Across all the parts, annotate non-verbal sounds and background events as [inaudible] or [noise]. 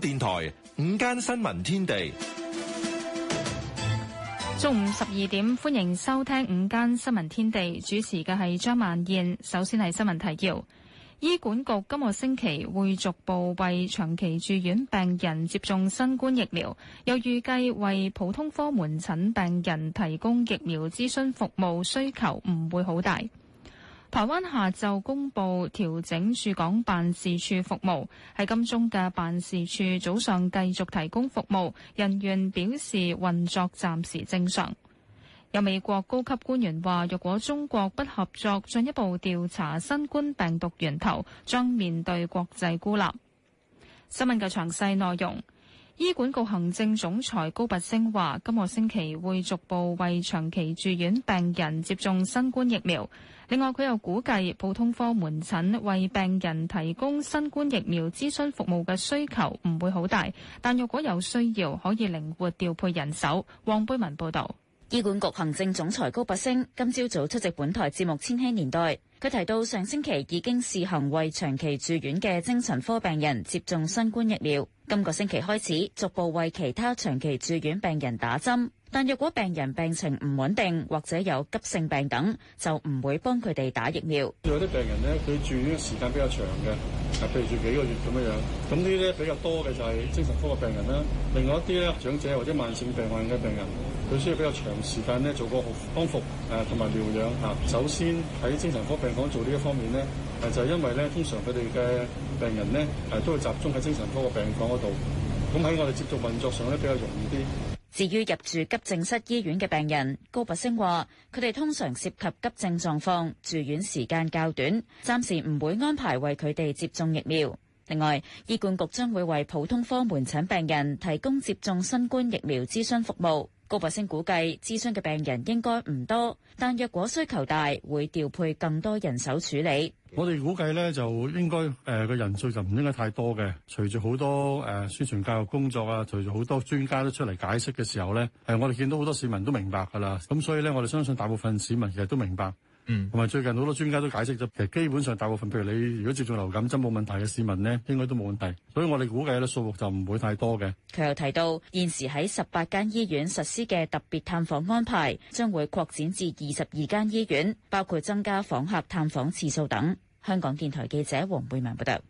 電台午間新聞天地，中午十二點，歡迎收聽午間新聞天地。主持嘅係張曼燕。首先係新聞提要：醫管局今個星期會逐步為長期住院病人接種新冠疫苗，又預計為普通科門診病人提供疫苗諮詢服務，需求唔會好大。台灣下晝公布調整駐港辦事處服務，喺金鐘嘅辦事處早上繼續提供服務，人員表示運作暫時正常。有美國高級官員話，若果中國不合作進一步調查新冠病毒源頭，將面對國際孤立。新聞嘅詳細內容。醫管局行政總裁高拔升話，今個星期會逐步為長期住院病人接種新冠疫苗。另外，佢又估計普通科門診為病人提供新冠疫苗諮詢服務嘅需求唔會好大，但若果有需要，可以靈活調配人手。黃貝文報道。醫管局行政總裁高拔升今朝早，早出席本台節目《千禧年代》。佢提到，上星期已經試行為長期住院嘅精神科病人接種新冠疫苗，今個星期開始逐步為其他長期住院病人打針。但若果病人病情唔穩定或者有急性病等，就唔會幫佢哋打疫苗。有啲病人咧，佢住院時間比較長嘅，啊，譬如住幾個月咁樣樣，咁呢啲咧比較多嘅就係精神科嘅病人啦。另外一啲咧長者或者慢性病患嘅病人，佢需要比較長時間咧做個康復誒同埋療養吓，首先喺精神科病。我做呢一方面咧，就係因為咧，通常佢哋嘅病人咧，都會集中喺精神科嘅病房嗰度，咁喺我哋接種運作上咧比較容易啲。至於入住急症室醫院嘅病人，高拔陞話，佢哋通常涉及急症狀況，住院時間較短，暫時唔會安排為佢哋接種疫苗。另外，醫管局將會為普通科門診病人提供接種新冠疫苗諮詢服務。高拔陞估計諮詢嘅病人應該唔多，但若果需求大，會調配更多人手處理。我哋估計咧就應該誒個人數就唔應該太多嘅。隨住好多誒、呃、宣傳教育工作啊，隨住好多專家都出嚟解釋嘅時候咧，誒、呃、我哋見到好多市民都明白㗎啦。咁所以咧，我哋相信大部分市民其實都明白。嗯，同埋最近好多專家都解釋咗，其實基本上大部分，譬如你如果接種流感針冇問題嘅市民呢，應該都冇問題。所以我哋估計咧數目就唔會太多嘅。佢又提到，現時喺十八間醫院實施嘅特別探訪安排，將會擴展至二十二間醫院，包括增加訪客探訪次數等。香港電台記者黃貝文報道。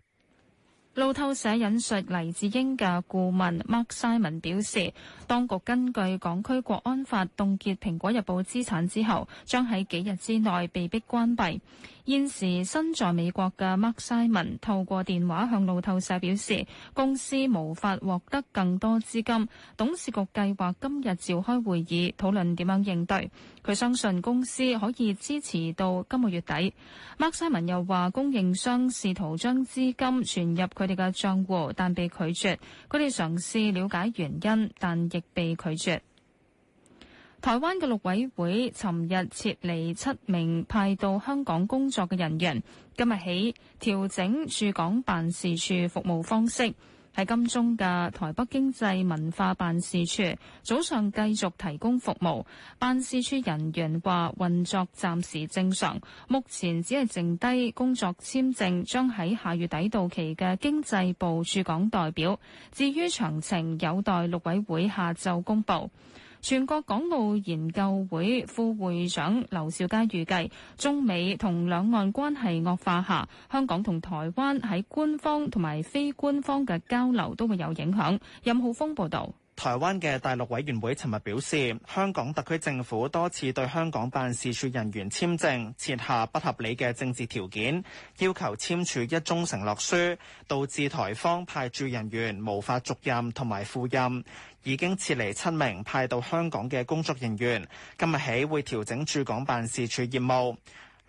路透社引述黎智英嘅顧問 Mark Simon 表示，當局根據港區國安法凍結《蘋果日報》資產之後，將喺幾日之內被逼關閉。現時身在美國嘅 Mark Simon 透過電話向路透社表示，公司無法獲得更多資金，董事局計劃今日召開會議討論點樣應對。佢相信公司可以支持到今個月底。Mark Simon 又話，供應商試圖將資金存入佢哋嘅賬戶，但被拒絕。佢哋嘗試了解原因，但亦被拒絕。台灣嘅陸委會尋日撤離七名派到香港工作嘅人員，今日起調整駐港辦事處服務方式。喺金鐘嘅台北經濟文化辦事處早上繼續提供服務，辦事處人員話運作暫時正常，目前只係剩低工作簽證將喺下月底到期嘅經濟部駐港代表，至於詳情有待陸委會下晝公佈。全國港澳研究會副會長劉兆佳預計，中美同兩岸關係惡化下，香港同台灣喺官方同埋非官方嘅交流都會有影響。任浩峰報導。台灣嘅大陸委員會尋日表示，香港特區政府多次對香港辦事處人員簽證設下不合理嘅政治條件，要求簽署一中承諾書，導致台方派駐人員無法續任同埋赴任，已經撤離七名派到香港嘅工作人員，今日起會調整駐港辦事處業務。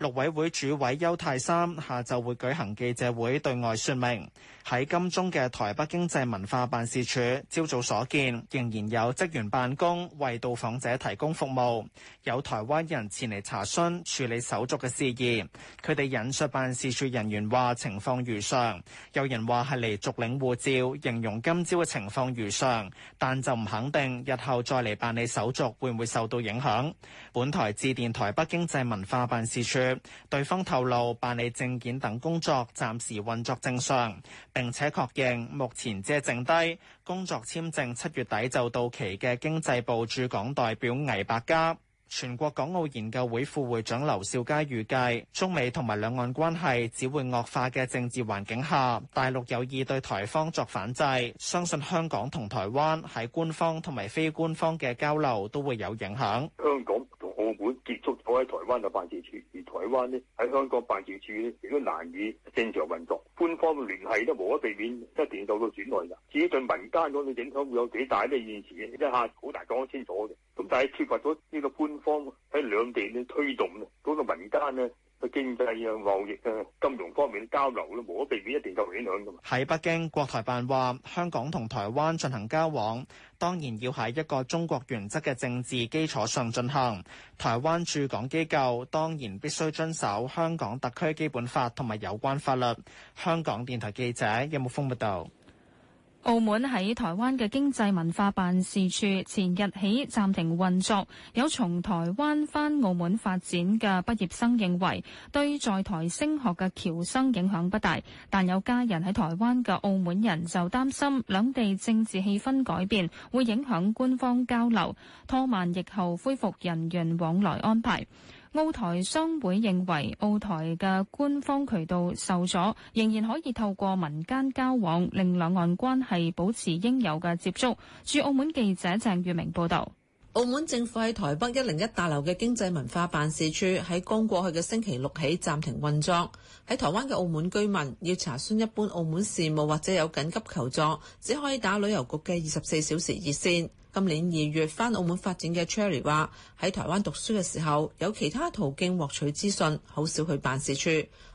陸委會主委邱泰三下晝會舉行記者會對外說明。喺金鐘嘅台北經濟文化辦事處，朝早所見仍然有職員辦公，為到訪者提供服務。有台灣人前嚟查詢、處理手續嘅事宜。佢哋引述辦事處人員話：情況如常。有人話係嚟續領護照，形容今朝嘅情況如常，但就唔肯定日後再嚟辦理手續會唔會受到影響。本台致電台北經濟文化辦事處。對方透露辦理證件等工作暫時運作正常，並且確認目前只剩低工作簽證七月底就到期嘅經濟部駐港代表倪百嘉。全國港澳研究會副會長劉兆佳預計，中美同埋兩岸關係只會惡化嘅政治環境下，大陸有意對台方作反制，相信香港同台灣喺官方同埋非官方嘅交流都會有影響。香港。澳門結束咗喺台灣嘅辦事處，而台灣咧喺香港辦事處咧亦都難以正常運作，官方嘅聯繫都無可避免一定到到轉來啦。至於對民間嗰個影響會有幾大咧？現時一下好大講得清楚嘅，咁但係缺乏咗呢個官方喺兩地嘅推動呢嗰個民間呢。個經濟啊、貿易啊、金融方面交流咧，無可避免一定影響噶嘛。喺北京，國台辦話，香港同台灣進行交往，當然要喺一個中國原則嘅政治基礎上進行。台灣駐港機構當然必須遵守香港特區基本法同埋有關法律。香港電台記者任木峯報道。澳門喺台灣嘅經濟文化辦事處前日起暫停運作，有從台灣返澳門發展嘅畢業生認為，對在台升學嘅僑生影響不大，但有家人喺台灣嘅澳門人就擔心兩地政治氣氛改變，會影響官方交流，拖慢疫後恢復人員往來安排。澳台商會認為澳台嘅官方渠道受阻，仍然可以透過民間交往，令兩岸關係保持應有嘅接觸。駐澳門記者鄭月明報道。澳門政府喺台北一零一大樓嘅經濟文化辦事處喺剛過去嘅星期六起暫停運作。喺台灣嘅澳門居民要查詢一般澳門事務或者有緊急求助，只可以打旅遊局嘅二十四小時熱線。今年二月返澳門發展嘅 Cherry 話：喺台灣讀書嘅時候，有其他途徑獲取資訊，好少去辦事處。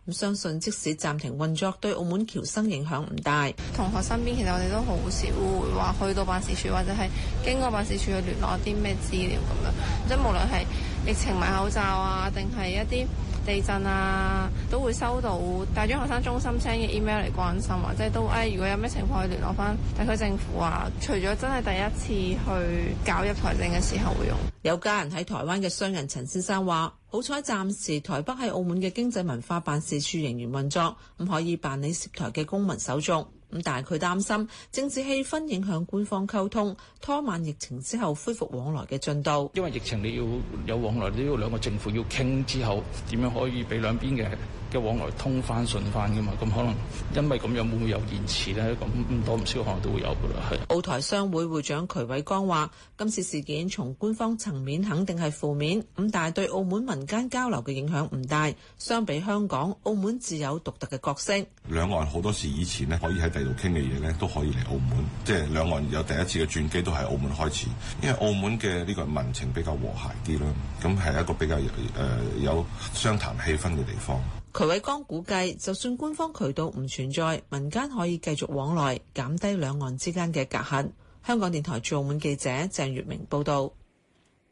咁相信即使暫停運作，對澳門僑生影響唔大。同學身邊其實我哋都好少會話去到辦事處，或者係經過辦事處去聯絡啲咩資料咁樣。即係無論係疫情買口罩啊，定係一啲。地震啊，都會收到大專學生中心 send 嘅 email 嚟關心啊，即係都誒，如果有咩情況可以聯絡翻地區政府啊。除咗真係第一次去搞入台證嘅時候會用。有家人喺台灣嘅商人陳先生話：好彩暫時台北喺澳門嘅經濟文化辦事處仍然運作，唔可以辦理涉台嘅公民手續。咁但係佢擔心政治氣氛影響官方溝通，拖慢疫情之後恢復往來嘅進度。因為疫情你要有往來，都要兩個政府要傾之後，點樣可以俾兩邊嘅？一往來通翻順翻嘅嘛，咁可能因為咁樣，會唔會有延遲咧？咁多唔少可能都會有嘅啦。係澳台商會會長徐偉光話：今次事件從官方層面肯定係負面咁，但係對澳門民間交流嘅影響唔大。相比香港，澳門自有獨特嘅角色。兩岸好多時以前咧，可以喺第度傾嘅嘢咧，都可以嚟澳門。即係兩岸有第一次嘅轉機，都係澳門開始，因為澳門嘅呢個民情比較和諧啲啦。咁係一個比較誒有，呃、有商談氣氛嘅地方。渠偉光估計，就算官方渠道唔存在，民間可以繼續往來，減低兩岸之間嘅隔閡。香港電台駐澳門記者鄭月明報道。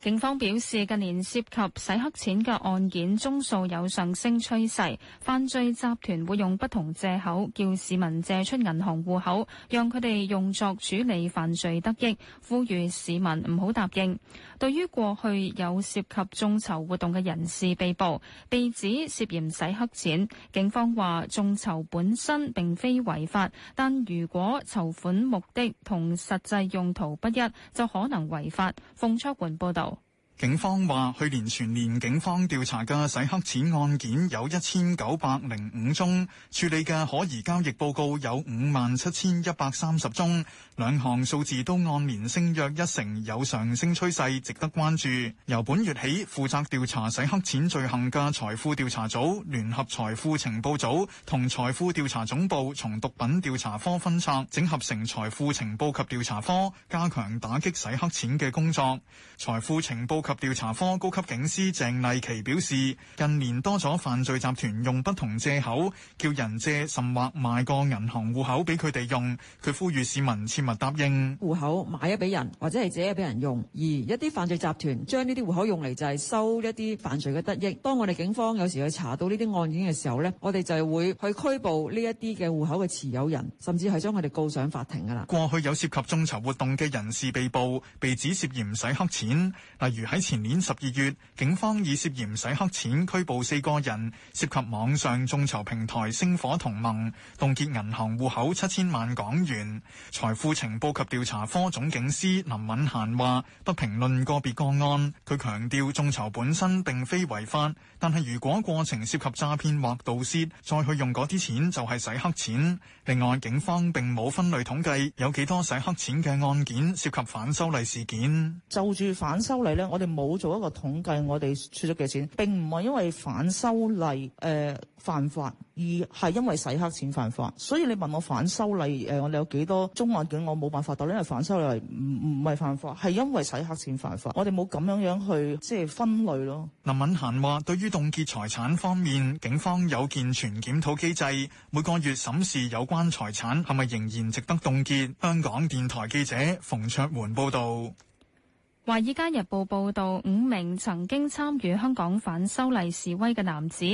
警方表示，近年涉及洗黑錢嘅案件宗數有上升趨勢，犯罪集團會用不同借口叫市民借出銀行戶口，讓佢哋用作處理犯罪得益，呼籲市民唔好答應。對於過去有涉及眾籌活動嘅人士被捕，被指涉嫌洗黑錢。警方話，眾籌本身並非違法，但如果籌款目的同實際用途不一，就可能違法。馮卓桓報導。警方話，去年全年警方調查嘅洗黑錢案件有一千九百零五宗，處理嘅可疑交易報告有五萬七千一百三十宗，兩項數字都按年升約一成，有上升趨勢，值得關注。由本月起，負責調查洗黑錢罪行嘅財富調查組、聯合財富情報組同財富調查總部，從毒品調查科分拆整合成財富情報及調查科，加強打擊洗黑錢嘅工作。財富情報及調查科高級警司鄭麗琪表示，近年多咗犯罪集團用不同借口叫人借甚或買個銀行戶口俾佢哋用。佢呼籲市民切勿答應戶口買咗俾人，或者係借咗俾人用。而一啲犯罪集團將呢啲戶口用嚟就係收一啲犯罪嘅得益。當我哋警方有時去查到呢啲案件嘅時候呢，我哋就會去拘捕呢一啲嘅戶口嘅持有人，甚至係將佢哋告上法庭噶啦。過去有涉及眾籌活動嘅人士被捕，被指涉嫌洗黑錢，例如。喺前年十二月，警方以涉嫌洗黑錢拘捕四個人，涉及網上眾籌平台星火同盟，凍結銀行戶口七千萬港元。財富情報及調查科總警司林敏嫻話不評論個別個案。佢強調眾籌本身並非違法，但係如果過程涉及詐騙或盜竊再去用嗰啲錢就係洗黑錢，另外，警方並冇分類統計有幾多洗黑錢嘅案件涉及反修例事件。就住反修例咧，我哋。冇做一個統計，我哋出咗幾錢，並唔係因為反修例誒、呃、犯法，而係因為洗黑錢犯法。所以你問我反修例誒、呃，我哋有幾多中案件，我冇辦法。但因為反修例唔唔係犯法，係因為洗黑錢犯法。我哋冇咁樣樣去即係分類咯。林敏嫻話，對於凍結財產方面，警方有健全檢討機制，每個月審視有關財產，係咪仍然值得凍結。香港電台記者馮卓媛報道。《華爾街日報》報道，五名曾經參與香港反修例示威嘅男子，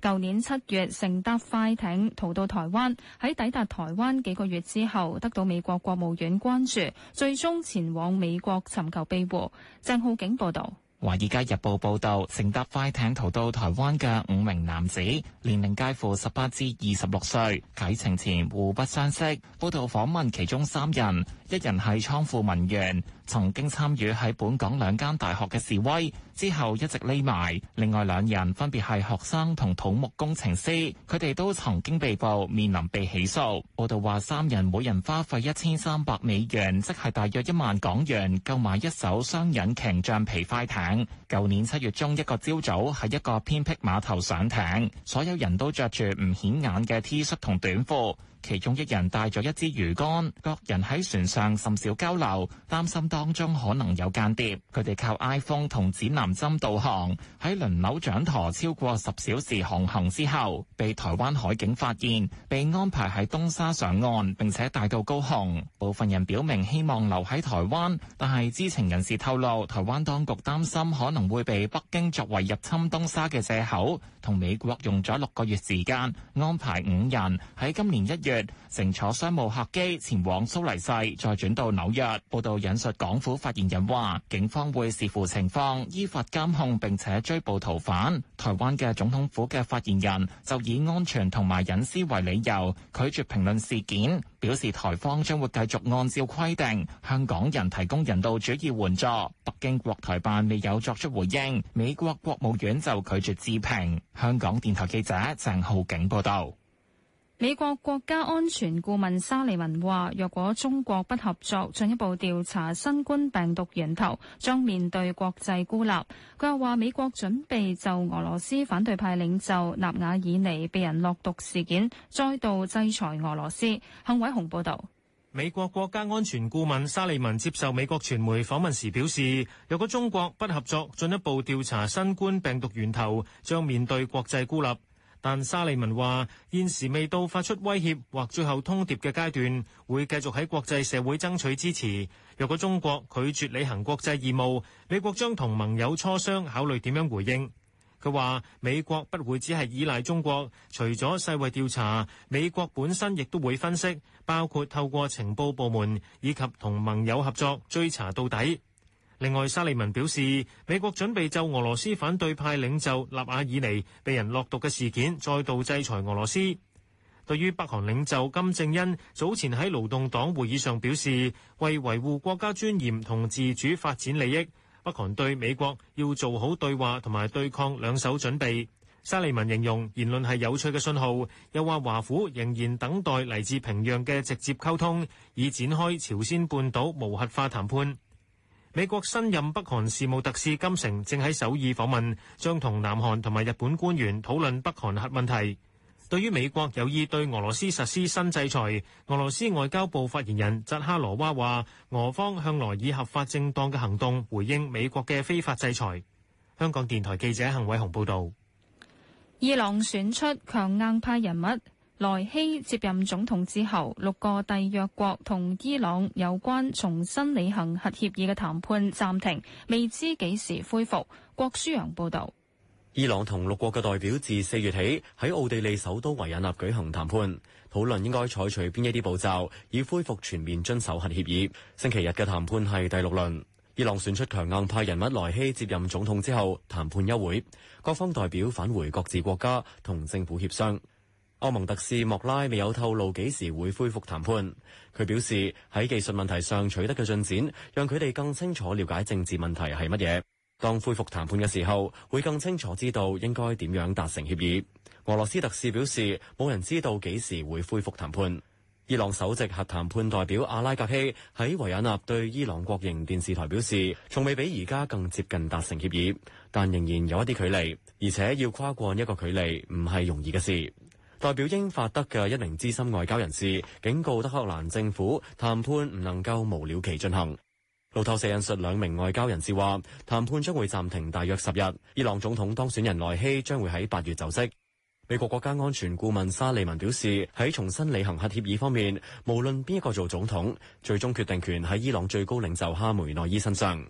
舊年七月乘搭快艇逃到台灣，喺抵達台灣幾個月之後，得到美國國務院關注，最終前往美國尋求庇護。鄭浩景報道。華爾街日報報道，乘搭快艇逃到台灣嘅五名男子，年齡介乎十八至二十六歲，啟程前互不相識，報道訪問其中三人，一人係倉庫文員，曾經參與喺本港兩間大學嘅示威，之後一直匿埋，另外兩人分別係學生同土木工程師，佢哋都曾經被捕，面臨被起訴。報道話三人每人花費一千三百美元，即係大約一萬港元，購買一艘雙引擎橡皮快艇。舊年七月中一個朝早喺一個偏僻碼頭上艇，所有人都着住唔顯眼嘅 T 恤同短褲。其中一人帶咗一支魚竿，各人喺船上甚少交流，擔心當中可能有間諜。佢哋靠 iPhone 同指南針導航，喺輪流掌舵超過十小時航行之後，被台灣海警發現，被安排喺東沙上岸，並且帶到高雄。部分人表明希望留喺台灣，但係知情人士透露，台灣當局擔心可能會被北京作為入侵東沙嘅藉口。同美國用咗六個月時間安排五人喺今年一月。乘坐商務客機前往蘇黎世，再轉到紐約。報道引述港府發言人話，警方會視乎情況依法監控，並且追捕逃犯。台灣嘅總統府嘅發言人就以安全同埋隱私為理由，拒絕評論事件，表示台方將會繼續按照規定向港人提供人道主義援助。北京國台辦未有作出回應。美國國務院就拒絕置評。香港電台記者鄭浩景報道。美國國家安全顧問沙利文話：若果中國不合作，進一步調查新冠病毒源頭，將面對國際孤立。佢又話：美國準備就俄羅斯反對派領袖納瓦爾尼被人落毒事件，再度制裁俄羅斯。幸偉雄報道。美國國家安全顧問沙利文接受美國傳媒訪問時表示：若果中國不合作，進一步調查新冠病毒源頭，將面對國際孤立。但沙利文話現時未到發出威脅或最後通牒嘅階段，會繼續喺國際社會爭取支持。若果中國拒絕履行國際義務，美國將同盟友磋商，考慮點樣回應。佢話美國不會只係依賴中國，除咗世衛調查，美國本身亦都會分析，包括透過情報部門以及同盟友合作追查到底。另外，沙利文表示，美國準備就俄羅斯反對派領袖納瓦爾尼被人落毒嘅事件再度制裁俄羅斯。對於北韓領袖金正恩早前喺勞動黨會議上表示，為維護國家尊嚴同自主發展利益，北韓對美國要做好對話同埋對抗兩手準備。沙利文形容言論係有趣嘅信號，又話華府仍然等待嚟自平壤嘅直接溝通，以展開朝鮮半島無核化談判。美國新任北韓事務特使金城正喺首爾訪問，將同南韓同埋日本官員討論北韓核問題。對於美國有意對俄羅斯實施新制裁，俄羅斯外交部發言人扎哈羅娃話：俄方向來以合法正當嘅行動回應美國嘅非法制裁。香港電台記者幸偉雄報導。伊朗選出強硬派人物。萊希接任總統之後，六個締約國同伊朗有關重新履行核協議嘅談判暫停，未知幾時恢復。郭舒洋報道：伊朗同六國嘅代表自四月起喺奧地利首都維也納舉，舉行談判，討論應該採取邊一啲步驟，以恢復全面遵守核協議。星期日嘅談判係第六輪。伊朗選出強硬派人物萊希接任總統之後，談判休會，各方代表返回各自國家同政府協商。阿蒙特斯莫拉未有透露幾時會恢復談判。佢表示喺技術問題上取得嘅進展，讓佢哋更清楚了解政治問題係乜嘢。當恢復談判嘅時候，會更清楚知道應該點樣達成協議。俄羅斯特使表示，冇人知道幾時會恢復談判。伊朗首席核談判代表阿拉格希喺維也納對伊朗國營電視台表示，從未比而家更接近達成協議，但仍然有一啲距離，而且要跨過一個距離唔係容易嘅事。代表英法德嘅一名資深外交人士警告德黑蘭政府，談判唔能夠無了期進行。路透社引述兩名外交人士話，談判將會暫停大約十日。伊朗總統當選人萊希將會喺八月就職。美國國家安全顧問沙利文表示，喺重新履行核協議方面，無論邊一個做總統，最終決定權喺伊朗最高領袖哈梅內伊身上。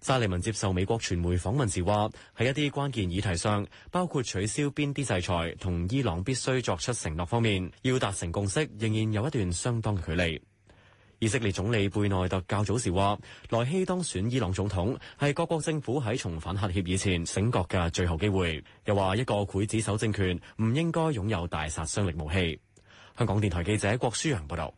沙利文接受美國傳媒訪問時話：喺一啲關鍵議題上，包括取消邊啲制裁同伊朗必須作出承諾方面，要達成共識仍然有一段相當嘅距離。以色列總理貝內特較早時話：萊希當選伊朗總統係各國政府喺重返核協議前醒覺嘅最後機會。又話一個劊子手政權唔應該擁有大殺傷力武器。香港電台記者郭書陽報道。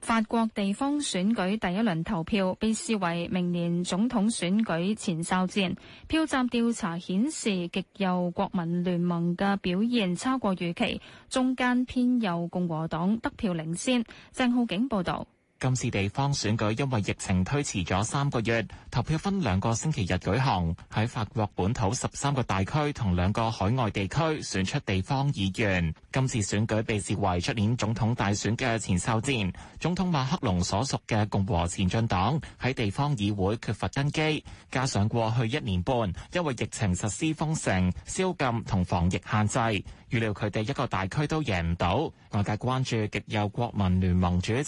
法國地方選舉第一輪投票被視為明年總統選舉前哨戰。票站調查顯示，極右國民聯盟嘅表現超過預期，中間偏右共和黨得票領先。鄭浩景報道。今次地方選舉因為疫情推遲咗三個月，投票分兩個星期日舉行，喺法國本土十三個大區同兩個海外地區選出地方議員，今次選舉被視為出年總統大選嘅前哨戰。總統馬克龍所屬嘅共和前進黨喺地方議會缺乏根基，加上過去一年半因為疫情實施封城、宵禁同防疫限制。預料佢哋一個大區都贏唔到，外界關注極右國民聯盟主席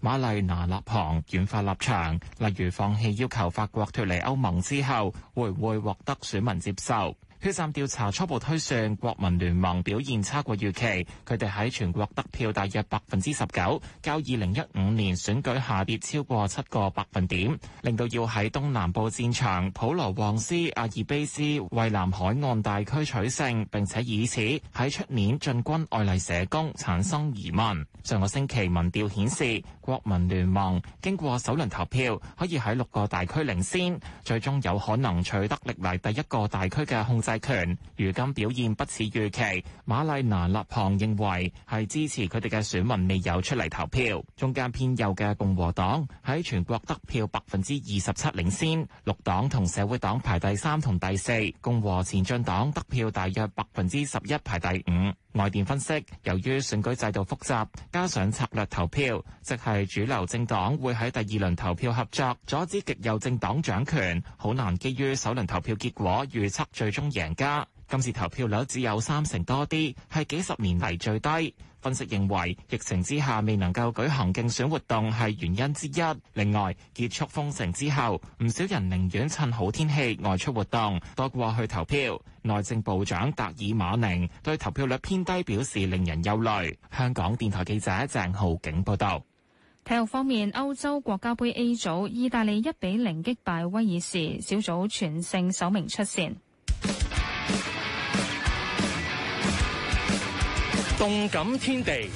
瑪麗娜·勒龐軟化立場，例如放棄要求法國脫離歐盟之後，會唔會獲得選民接受？票站調查初步推算，國民聯盟表現差過預期，佢哋喺全國得票大約百分之十九，較二零一五年選舉下跌超過七個百分點，令到要喺東南部戰場普羅旺斯、阿爾卑斯、蔚藍海岸大區取勝，並且以此喺出年進軍愛麗舍宮產生疑問。上個星期民調顯示，國民聯盟經過首輪投票可以喺六個大區領先，最終有可能取得歷嚟第一個大區嘅控制大權，如今表現不似預期。瑪麗娜·勒龐認為係支持佢哋嘅選民未有出嚟投票。中間偏右嘅共和黨喺全國得票百分之二十七領先，綠黨同社會黨排第三同第四，共和前進黨得票大約百分之十一排第五。外電分析，由於選舉制度複雜，加上策略投票，即係主流政黨會喺第二輪投票合作，阻止極右政黨掌權，好難基於首輪投票結果預測最終贏。人家今次投票率只有三成多啲，係幾十年嚟最低。分析認為，疫情之下未能夠舉行競選活動係原因之一。另外，結束封城之後，唔少人寧願趁好天氣外出活動，多過去投票。內政部長達爾馬寧對投票率偏低表示令人憂慮。香港電台記者鄭浩景報道。體育方面，歐洲國家杯 A 組，意大利一比零擊，擊敗威爾士，小組全勝，首名出線。動感天地，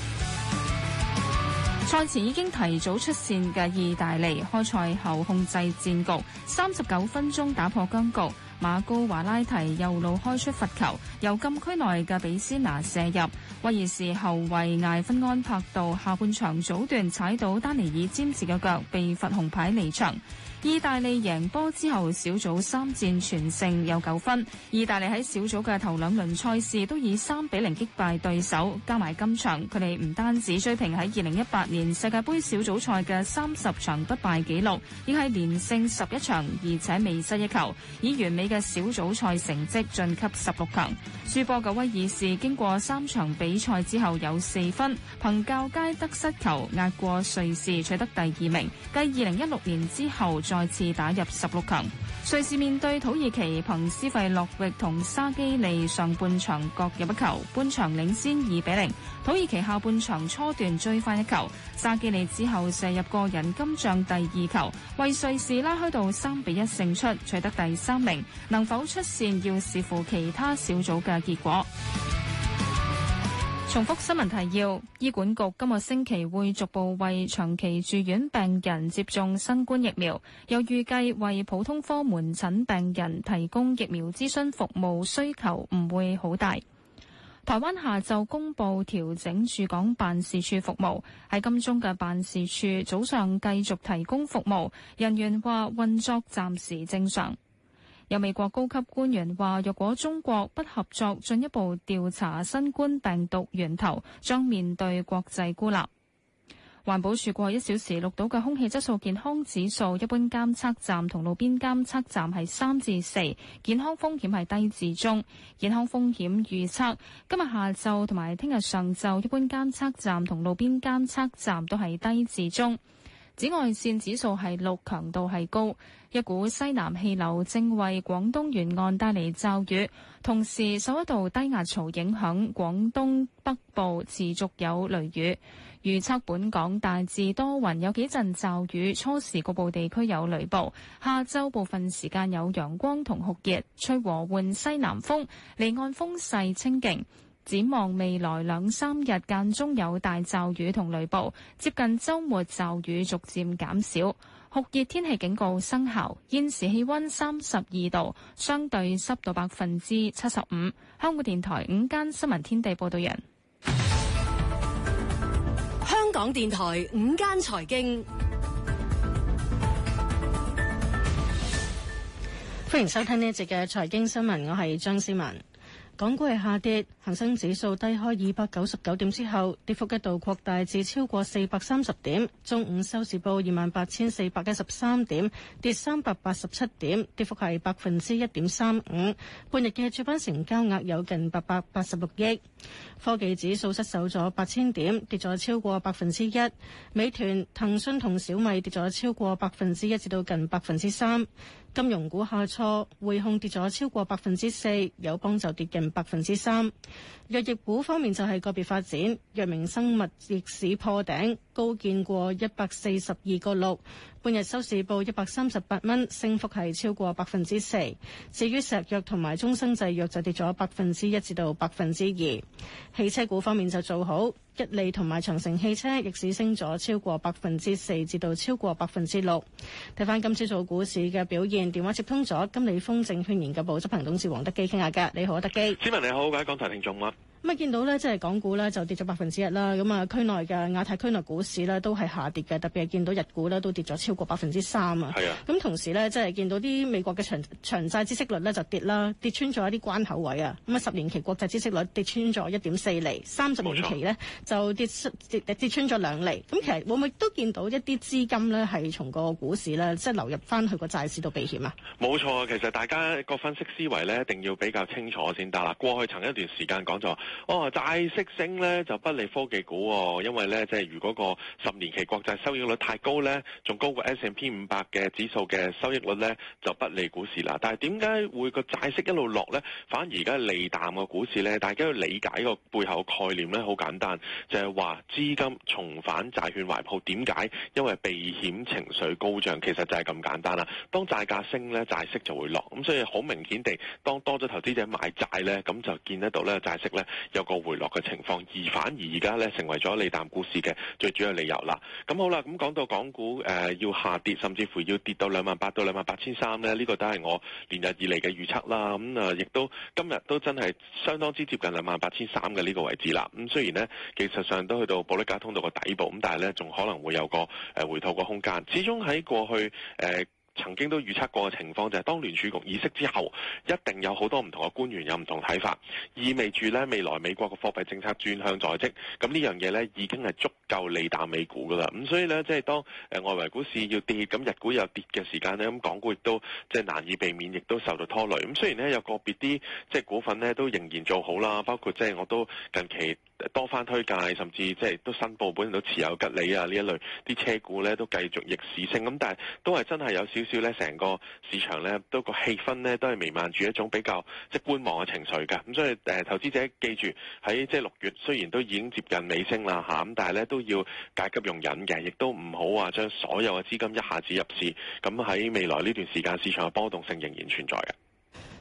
賽前已經提早出線嘅意大利，開賽後控制戰局，三十九分鐘打破僵局，馬高華拉提右路開出罰球，由禁區內嘅比斯拿射入。威爾士後衛艾芬安柏度下半場早段踩到丹尼爾詹姆斯嘅腳，被罰紅牌離場。意大利贏波之後小組三戰全勝有九分。意大利喺小組嘅頭兩輪賽事都以三比零擊敗對手，加埋今場佢哋唔單止追平喺二零一八年世界杯小組賽嘅三十場不敗紀錄，亦係連勝十一場而且未失一球，以完美嘅小組賽成績晉級十六強。輸波嘅威爾士經過三場比賽之後有四分，憑較佳得失球壓過瑞士取得第二名，繼二零一六年之後再。再次打入十六強。瑞士面對土耳其，憑斯費洛域同沙基利上半場各入一球，半場領先二比零。土耳其下半場初段追翻一球，沙基利之後射入個人今場第二球，為瑞士拉開到三比一勝出，取得第三名。能否出線，要視乎其他小組嘅結果。重複新聞提要。醫管局今個星期會逐步為長期住院病人接種新冠疫苗，又預計為普通科門診病人提供疫苗諮詢服務，需求唔會好大。台灣下晝公布調整駐港辦事處服務，喺金鐘嘅辦事處早上繼續提供服務，人員話運作暫時正常。有美國高級官員話，若果中國不合作進一步調查新冠病毒源頭，將面對國際孤立。環保署過去一小時錄到嘅空氣質素健康指數，一般監測站同路邊監測站係三至四，健康風險係低至中。健康風險預測，今日下晝同埋聽日上晝，一般監測站同路邊監測站都係低至中。紫外線指數係六，強度係高。一股西南氣流正為廣東沿岸帶嚟驟雨，同時受一道低壓槽影響，廣東北部持續有雷雨。預測本港大致多雲，有幾陣驟雨，初時局部地區有雷暴。下晝部分時間有陽光同酷熱，吹和緩西南風，離岸風勢清勁。展望未來兩三日間中有大驟雨同雷暴，接近周末驟雨逐漸減少。酷熱天氣警告生效，現時氣溫三十二度，相對濕度百分之七十五。香港電台午間新聞天地報道人，香港電台午間財經，歡迎收聽呢一節嘅財經新聞，我係張思文。港股係下跌，恒生指數低開二百九十九點之後，跌幅一度擴大至超過四百三十點。中午收市報二萬八千四百一十三點，跌三百八十七點，跌幅係百分之一點三五。半日嘅主板成交額有近八百八十六億。科技指數失守咗八千點，跌咗超過百分之一。美團、騰訊同小米跌咗超過百分之一至到近百分之三。金融股下挫，匯控跌咗超過百分之四，友邦就跌嘅。百分之三，藥業股方面就係個別發展，藥明生物逆市破頂。高見過一百四十二個六，半日收市報一百三十八蚊，升幅係超過百分之四。至於石藥同埋中生製藥就跌咗百分之一至到百分之二。汽車股方面就做好，吉利同埋長城汽車逆市升咗超過百分之四至到超過百分之六。睇翻今次做股市嘅表現，電話接通咗金利豐證券研究部執行董事黃德基傾下偈。你好，德基。市民你好，各位港台聽眾。咁啊，見到咧，即係港股咧就跌咗百分之一啦。咁啊，區內嘅亞太區內股市咧都係下跌嘅，特別係見到日股咧都跌咗超過百分之三啊。係啊！咁的同時咧，即係見到啲美國嘅長長債孳息率咧就跌啦，跌穿咗一啲關口位啊。咁啊，十年期國際孳息率跌穿咗一點四厘，三十年期咧就跌跌錯跌穿咗兩厘。咁其實會唔會都見到一啲資金咧係從個股市咧即係流入翻去個債市度避險啊？冇錯，其實大家個分析思維咧一定要比較清楚先得啦。過去曾一段時間講咗。哦，債息升咧就不利科技股，哦，因為咧即係如果個十年期國債收益率太高咧，仲高過 S&P 五百嘅指數嘅收益率咧就不利股市啦。但係點解會個債息一路落咧？反而而家利淡個股市咧？大家要理解個背後概念咧，好簡單，就係話資金重返債券懷抱。點解？因為避險情緒高漲，其實就係咁簡單啦。當債價升咧，債息就會落，咁所以好明顯地，當多咗投資者買債咧，咁就見得到咧債息咧，有個回落嘅情況，而反而而家咧成為咗利淡股市嘅最主要理由啦。咁、嗯、好啦，咁、嗯、講到港股誒、呃、要下跌，甚至乎要跌到兩萬八到兩萬八千三咧，呢、呢個都係我連日以嚟嘅預測啦。咁、嗯、啊，亦都今日都真係相當之接近兩萬八千三嘅呢個位置啦。咁、嗯、雖然呢，技術上都去到保力加通道嘅底部，咁、嗯、但係呢，仲可能會有個誒、呃、回吐嘅空間。始終喺過去誒、呃曾經都預測過嘅情況就係當聯儲局議息之後，一定有好多唔同嘅官員有唔同睇法，意味住咧未來美國嘅貨幣政策轉向在即，咁呢樣嘢咧已經係足夠利淡美股㗎啦。咁所以咧，即係當誒外圍股市要跌，咁日股又跌嘅時間咧，咁港股亦都即係難以避免，亦都受到拖累。咁雖然咧有個別啲即係股份咧都仍然做好啦，包括即係我都近期多番推介，甚至即係都申報本人都持有吉利啊呢一類啲車股咧，都繼續逆市升。咁但係都係真係有少少咧，成個市場咧都個氣氛咧都係瀰漫住一種比較即係觀望嘅情緒㗎。咁所以誒、呃，投資者記住喺即係六月雖然都已經接近尾聲啦嚇，咁但係咧都要戒急用忍嘅，亦都唔好話將所有嘅資金一下子入市。咁喺未來呢段時間，市場嘅波動性仍然存在嘅。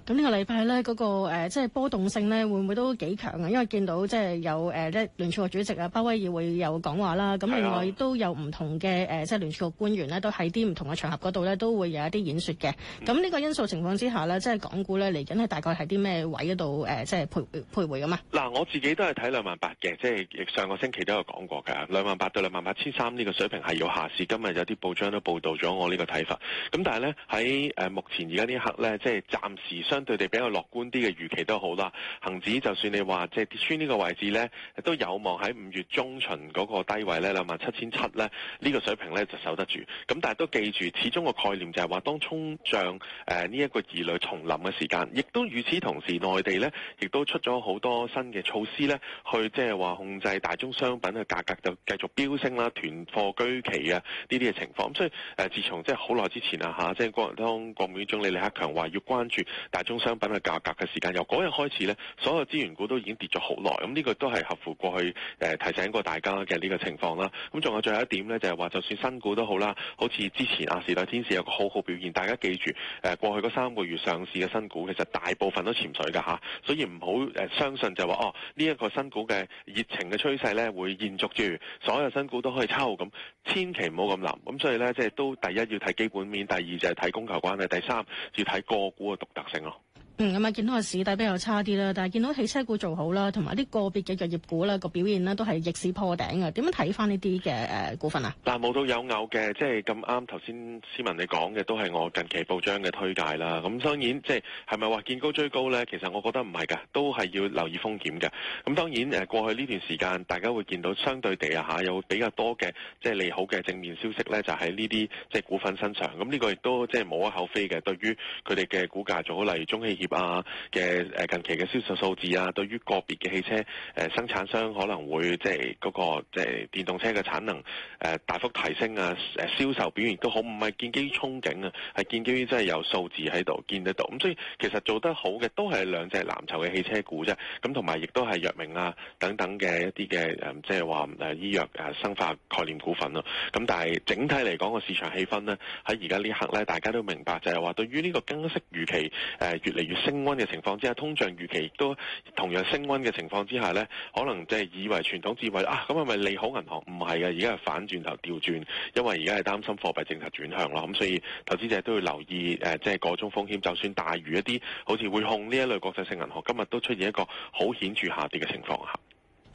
咁呢個禮拜咧，嗰、那個、呃、即係波動性咧，會唔會都幾強啊？因為見到即係有誒，即係、呃、聯儲局主席啊，鮑威爾會有講話啦。咁的另外都有唔同嘅誒、呃，即係聯儲局官員咧，都喺啲唔同嘅場合度咧，都會有一啲演説嘅。咁呢個因素情況之下呢，即係港股咧嚟緊係大概喺啲咩位嗰度誒，即係徘徊咁噶嘛？嗱，我自己都係睇兩萬八嘅，即、就、係、是、上個星期都有講過㗎。兩萬八到兩萬八千三呢個水平係要下市，今日有啲報章都報導咗我呢個睇法。咁但係咧喺誒目前而家呢一刻咧，即係暫時相對地比較樂觀啲嘅預期都好啦，恒指就算你話即係跌穿呢個位置呢，都有望喺五月中旬嗰個低位呢，兩萬七千七呢，呢、呢個水平呢就守得住。咁但係都記住，始終個概念就係話當通脹誒呢一個疑慮重臨嘅時間，亦都與此同時，內地呢，亦都出咗好多新嘅措施呢，去即係話控制大宗商品嘅價格就繼續飆升啦、囤貨居奇啊呢啲嘅情況。咁所以誒、呃，自從即係好耐之前啊嚇，即係當國務院總理李克強話要關注中商品嘅價格嘅時間由嗰日開始呢，所有資源股都已經跌咗好耐，咁呢個都係合乎過去誒提醒過大家嘅呢個情況啦。咁仲有最後一點呢，就係話就算新股都好啦，好似之前時代天使有個好好表現，大家記住誒過去嗰三個月上市嘅新股其實大部分都潛水㗎吓，所以唔好相信就話哦呢一個新股嘅熱情嘅趨勢呢會延續住，所有新股都可以抽，咁，千祈唔好咁諗。咁所以呢，即係都第一要睇基本面，第二就係睇供求關係，第三要睇個股嘅獨特性咯。嗯，咁啊，見到個市底比較差啲啦，但係見到汽車股做好啦，同埋啲個別嘅藥業股啦，個表現咧都係逆市破頂嘅。點樣睇翻呢啲嘅誒股份啊？但冇到有偶嘅，即係咁啱頭先斯文你講嘅都係我近期報章嘅推介啦。咁當然即係係咪話見高追高咧？其實我覺得唔係嘅，都係要留意風險嘅。咁當然誒過去呢段時間大家會見到相對地啊吓有比較多嘅即係利好嘅正面消息咧，就喺呢啲即係股份身上。咁呢個亦都即係無可厚非嘅，對於佢哋嘅股價做好，例如中汽啊嘅誒近期嘅銷售數字啊，對於個別嘅汽車誒、呃、生產商可能會即係嗰、那個即係電動車嘅產能誒、呃、大幅提升啊，誒銷售表現都好，唔係建基於憧憬啊，係建基於即係有數字喺度見得到。咁、嗯、所以其實做得好嘅都係兩隻藍籌嘅汽車股啫，咁同埋亦都係藥明啊等等嘅一啲嘅誒即係話誒醫藥誒生化概念股份咯。咁、啊、但係整體嚟講個市場氣氛咧，喺而家呢刻咧，大家都明白就係話對於呢個更息預期誒、呃、越嚟越。升溫嘅情況之下，通脹預期亦都同樣升溫嘅情況之下呢，可能即係以為傳統智慧啊，咁係咪利好銀行？唔係嘅，而家係反轉頭調轉，因為而家係擔心貨幣政策轉向咯。咁、嗯、所以投資者都要留意誒，即係個中風險。就算大於一啲好似匯控呢一類國際性銀行，今日都出現一個好顯著下跌嘅情況嚇。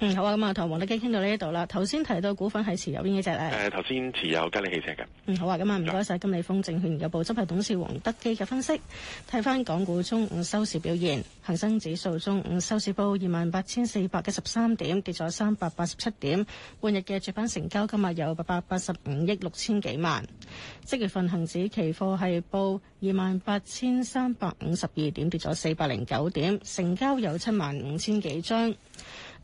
嗯，好啊。咁啊，同黃德基傾到呢一度啦。頭先提到股份係持有邊幾隻咧誒、呃，頭先持有吉利汽車嘅。嗯，好啊。咁、嗯、啊，唔該晒金利豐證券研報，執筆董事黃德基嘅分析。睇翻港股中午收市表現，恒生指數中午收市報二萬八千四百一十三點，跌咗三百八十七點。半日嘅主板成交今日有八百八十五億六千幾萬。即月份恒指期貨係報二萬八千三百五十二點，跌咗四百零九點，成交有七萬五千幾張。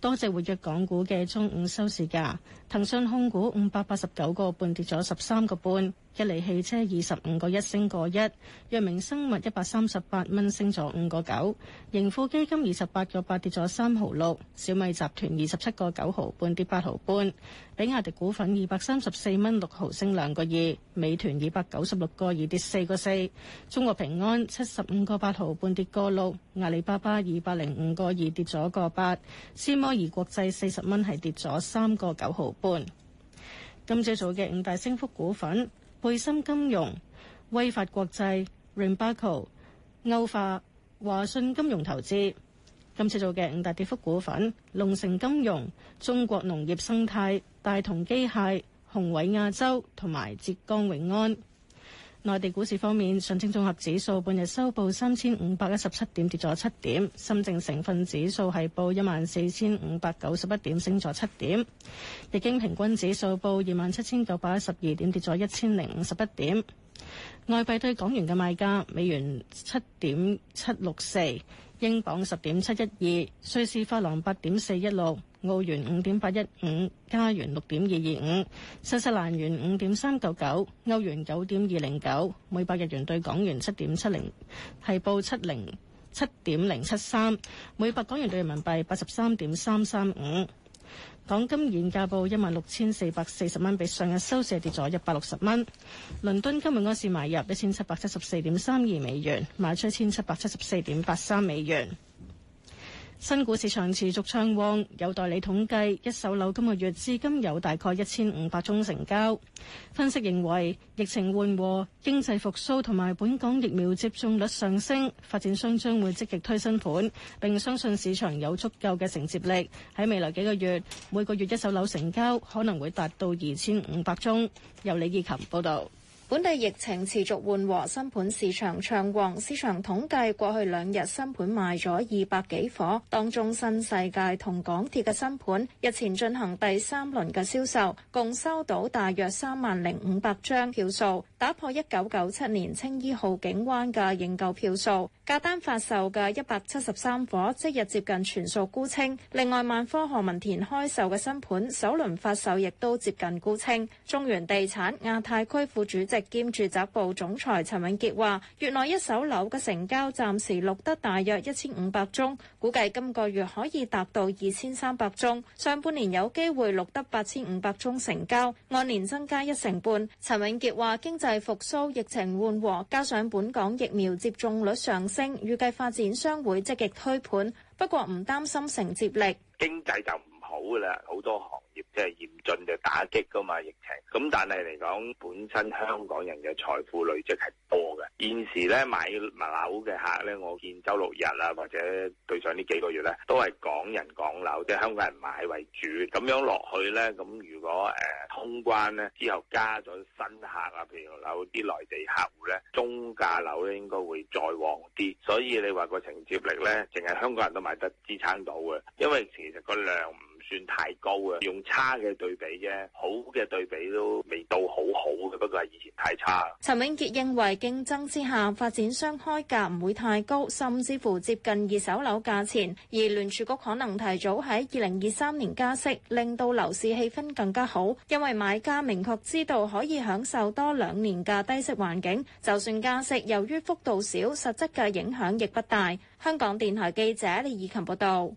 多謝。活躍港股嘅中午收市價，騰訊控股五百八十九個半跌咗十三個半，吉利汽車二十五個一升個一，藥明生物一百三十八蚊升咗五個九，盈富基金二十八個八跌咗三毫六，小米集團二十七個九毫半跌八毫半，比亞迪股份二百三十四蚊六毫升兩個二，美團二百九十六個二跌四個四，中國平安七十五個八毫半跌個六，阿里巴巴二百零五個二跌咗個八，思摩爾國際四十蚊係跌咗三個九毫半。今朝早嘅五大升幅股份。 [music] 匯深金融,內地股市方面，上證綜合指數半日收報三千五百一十七點，跌咗七點；深證成分指數係報一萬四千五百九十一點，升咗七點；日經平均指數報二萬七千九百一十二點，跌咗一千零五十一點。外幣對港元嘅賣價：美元七點七六四，英鎊十點七一二，瑞士法郎八點四一六。澳元五點八一五，加元六點二二五，新西蘭元五點三九九，歐元九點二零九，每百日元兌港元七點七零，係報七零七點零七三，每百港元兌人民幣八十三點三三五。港金現價報一萬六千四百四十蚊，比上日收市跌咗一百六十蚊。倫敦金每盎司買入一千七百七十四點三二美元，賣出一千七百七十四點八三美元。新股市場持續暢旺，有代理統計一手樓今個月至今有大概一千五百宗成交。分析認為疫情緩和、經濟復甦同埋本港疫苗接種率上升，發展商將會積極推新盤，並相信市場有足夠嘅承接力，喺未來幾個月每個月一手樓成交可能會達到二千五百宗。由李義琴報導。本地疫情持續緩和，新盤市場暢旺。市場統計過去兩日新盤賣咗二百幾夥，當中新世界同港鐵嘅新盤日前進行第三輪嘅銷售，共收到大約三萬零五百張票數，打破一九九七年青衣浩景灣嘅認購票數。價單發售嘅一百七十三伙，即日接近全數沽清。另外，萬科何文田開售嘅新盤，首輪發售亦都接近沽清。中原地產亞太區副主席兼住宅部總裁陳永傑話，月內一手樓嘅成交暫時錄得大約一千五百宗，估計今個月可以達到二千三百宗，上半年有機會錄得八千五百宗成交，按年增加一成半。陳永傑話，經濟復甦、疫情緩和，加上本港疫苗接種率上升。預計發展商會積極推盤，不過唔擔心承接力。經濟就好噶啦，好多行業即係嚴峻嘅打擊噶嘛疫情。咁但係嚟講，本身香港人嘅財富累積係多嘅。現時咧買物樓嘅客咧，我見周六日啊，或者對上呢幾個月咧，都係港人港樓，即係香港人買為主。咁樣落去咧，咁如果誒通關咧之後加咗新客啊，譬如有啲內地客戶咧，中價樓咧應該會再旺啲。所以你話個承接力咧，淨係香港人都買得支撐到嘅，因為其實個量唔。算太高啊，用差嘅對比啫，好嘅對比都未到好好嘅，不過係以前太差。陳永傑認為競爭之下，發展商開價唔會太高，甚至乎接近二手樓價錢，而聯儲局可能提早喺二零二三年加息，令到樓市氣氛更加好，因為買家明確知道可以享受多兩年嘅低息環境。就算加息，由於幅度少，實質嘅影響亦不大。香港電台記者李以琴報道。